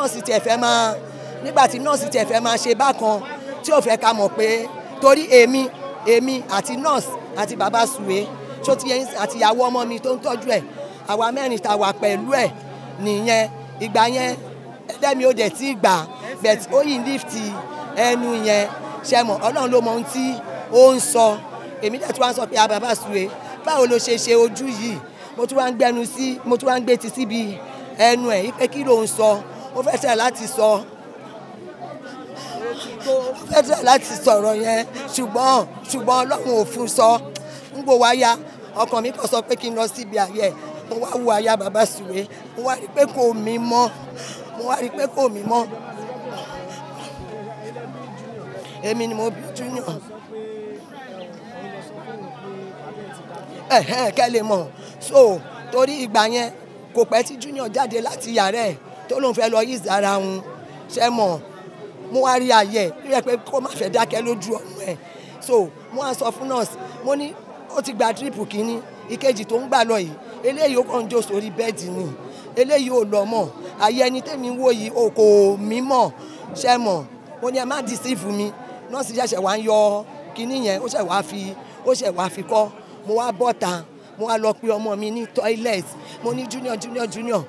nọ́ọ̀sì tiẹ̀ fẹ́ máa nígbà tí nọ́ọ̀sì tiẹ̀ fẹ́ máa ṣe bákan tí ò fẹ́ ká mọ̀ pé torí èmi èmi àti nọ́ọ̀sì àti bàbá sùwé tó ti àti ìyàwó ọmọ mi tó ń tọ́jú ẹ̀ àwa mẹ́rin ta wà pẹ̀lú ẹ̀ nìyẹn ìgbà yẹn ẹlẹ́mi ò dẹ̀ tí ì gbà bẹ̀t ó yìn lífti ẹnu yẹn ṣe mọ̀ ọlọ́run ló mọ ohun tí ó ń sọ èmi dẹ̀ tí wọ́n á sọ pé a bàbá sùwé báwo ló ṣe ṣe ojú yìí mo tún wá ń gbẹnu sí mo tún wá ń gbé ti síbi ẹnu ẹ̀ ipe ló ń sọ ó fẹ́ tẹ̀ láti sọ ó fẹ́ tẹ̀ láti sọ̀rọ̀ yẹn ṣùgbọ́n ṣùgbọ́n ọlọ́run ò fún sọ ń gbò wáyà ọkàn mi kàn sọ pé kí n lọ síbi àyẹ̀ mo wá wo aya bàbá sùwé mo wá rí pé kò mí mọ́ mo wá rí pé kò mí mọ́ èmi ni mo bí junior ẹ̀hẹ́n kẹ́ mọ̀ so torí ìgbà yẹn kò pẹ́ tí junior jáde láti yàrá ẹ̀ tó lóun fẹ́ lọ yí ìzára òun ṣe mọ̀ mo wá rí ayẹ rí ẹ pé kó má fẹ́ dákẹ́ lójú ọmọ ẹ̀ so mo wá sọ fún nọ́ọ̀sì mo ní ó ti gba tírípù kínní ìkejì tó ń gbà lọ yìí eléyìí ó kàn jó sórí bẹ́ẹ̀dì ni eléyìí ò lọ mọ̀ ayé ẹni tèmi wò yìí o kò mí mọ̀ ṣe mọ̀ mo ní ẹ má dìsífù mi nọ́ọ̀sì ṣẹ̀ṣẹ̀ wá ń yọ kínní yẹn ó ṣẹ̀ wá fi ó ṣẹ̀ wá fi kọ́ mo wá bọ́ta mo wá lọ pe ọmọ mi ní toilet mo ní junior junior junior